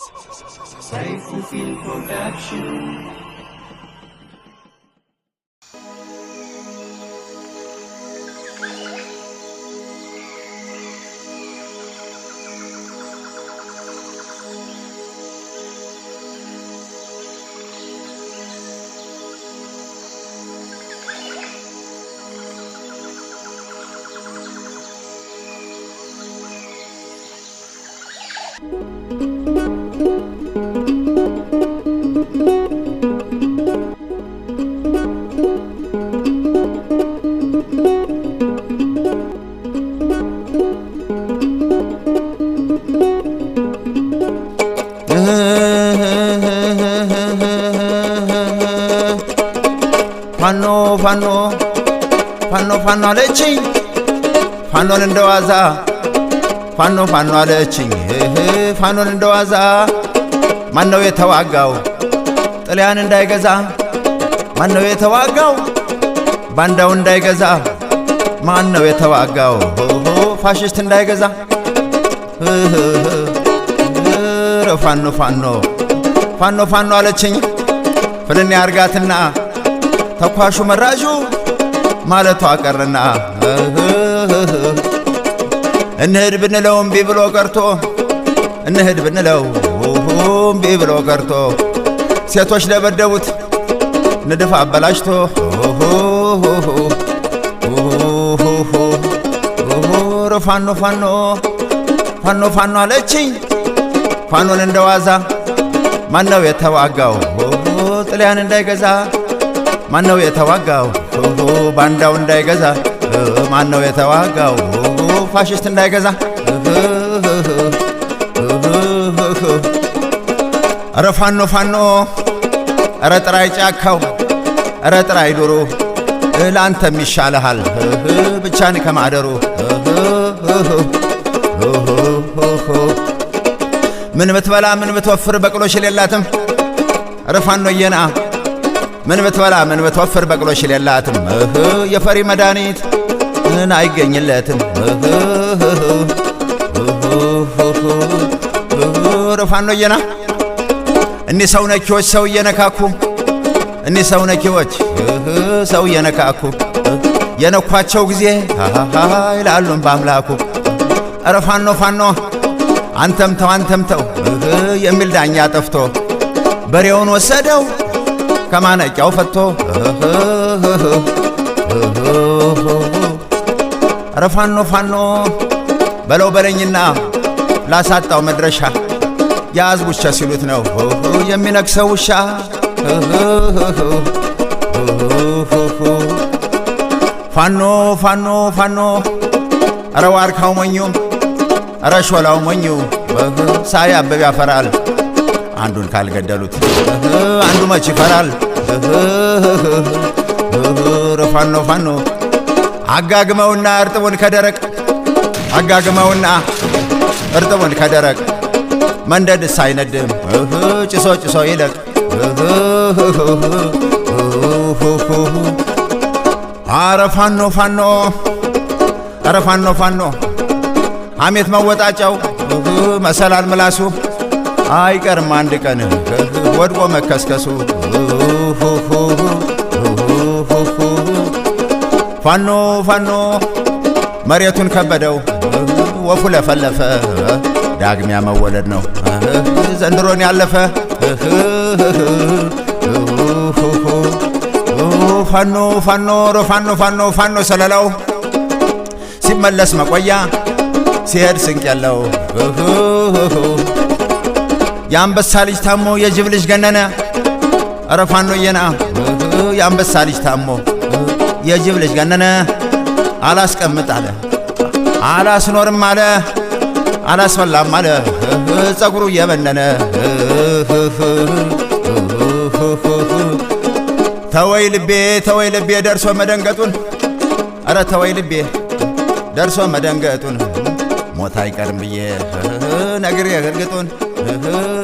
Saiful Film Production. ፋኖ ፋኖ ፋኖ ፋኖ አለችኝ ፋኖን እንደዋዛ ፋኖ ፋኖ አለችኝ ፋኖን እንደዋዛ ማነው የተዋጋው ጥልያን እንዳይገዛ ማነው የተዋጋው ባንዳው እንዳይገዛ ማነው የተዋጋው ፋሽስት እንዳይገዛ ፋኖ ፋኖ ፋኖ ፋኖ አለችኝ ፍልን ያርጋትና ተኳሹ መራዡ ማለቷ ቀርና እንሂድ ብንለው እምቢ ብሎ ቀርቶ እንሂድ ብንለው እምቢ ብሎ ቀርቶ ሴቶች ለበደቡት ንድፍ አበላሽቶ ፋኖ ፋኖ ፋኖ ፋኖ አለችኝ ፋኖን እንደዋዛ ማነው የተዋጋው ጥልያን እንዳይገዛ ማን ነው የተዋጋው ባንዳው እንዳይገዛ? ማን ነው የተዋጋው ፋሽስት እንዳይገዛ? ኧረ ፋኖ ፋኖ፣ ኧረ ጥራይ ጫካው፣ ኧረ ጥራይ ዱሩ፣ ለአንተም ይሻልሃል ብቻን ከማደሩ። ምን ብትበላ ምን ብትወፍር በቅሎች የሌላትም ረፋኖ የና ምን ብትበላ ምን ብትወፍር በቅሎሽ እህ የፈሪ መድኃኒት ምን አይገኝለትም። ፋኖ የና እኒ ሰው ነኪዎች ሰው እየነካኩ እኒ ሰው ነኪዎች ሰው እየነካኩ የነኳቸው ጊዜ ይላሉም በአምላኩ እረ ፋኖ ፋኖ አንተምተው አንተምተው የሚል ዳኛ ጠፍቶ በሬውን ወሰደው ከማነቂያው ፈቶ ኧረ ፋኖ ፋኖ በለው በለኝና ላሳጣው መድረሻ ያዝ ውሻ ሲሉት ነው የሚነክሰው ውሻ ፋኖ ፋኖ ፋኖ ኧረ ዋርካው ሞኙ ኧረ ሾላው ሞኙ ሳይ አበብ ያፈራል አንዱን ካልገደሉት አንዱ መች ይፈራል? ፋኖ ፋኖ አጋግመውና እርጥቡን ከደረቅ አጋግመውና እርጥቡን ከደረቅ መንደድስ አይነድም ጭሶ ጭሶ ይለቅ አረ ፋኖ ፋኖ አረ ፋኖ ፋኖ አሜት መወጣጫው መሰላል ምላሱ አይቀርም አንድ ቀን ወድቆ መከስከሱ። ፋኖ ፋኖ መሬቱን ከበደው ወፉ ለፈለፈ ዳግሚያ መወለድ ነው ዘንድሮን ያለፈ ፋኖ ፋኖ ሮ ፋኖ ፋኖ ፋኖ ሰለላው ሲመለስ መቆያ ሲሄድ ስንቅ ያለው የአንበሳ ልጅ ታሞ የጅብ ልጅ ገነነ እረፋኖ የና የአንበሳ ልጅ ታሞ የጅብ ልጅ ገነነ አላስቀምጥ አለ አላስኖርም አለ አላስበላም አለ ጸጉሩ እየበነነ ተወይ ልቤ ተወይ ልቤ ደርሶ መደንገጡን እረ ተወይ ልቤ ደርሶ መደንገጡን ሞት አይቀርም ብዬ ነግሬ እርግጡን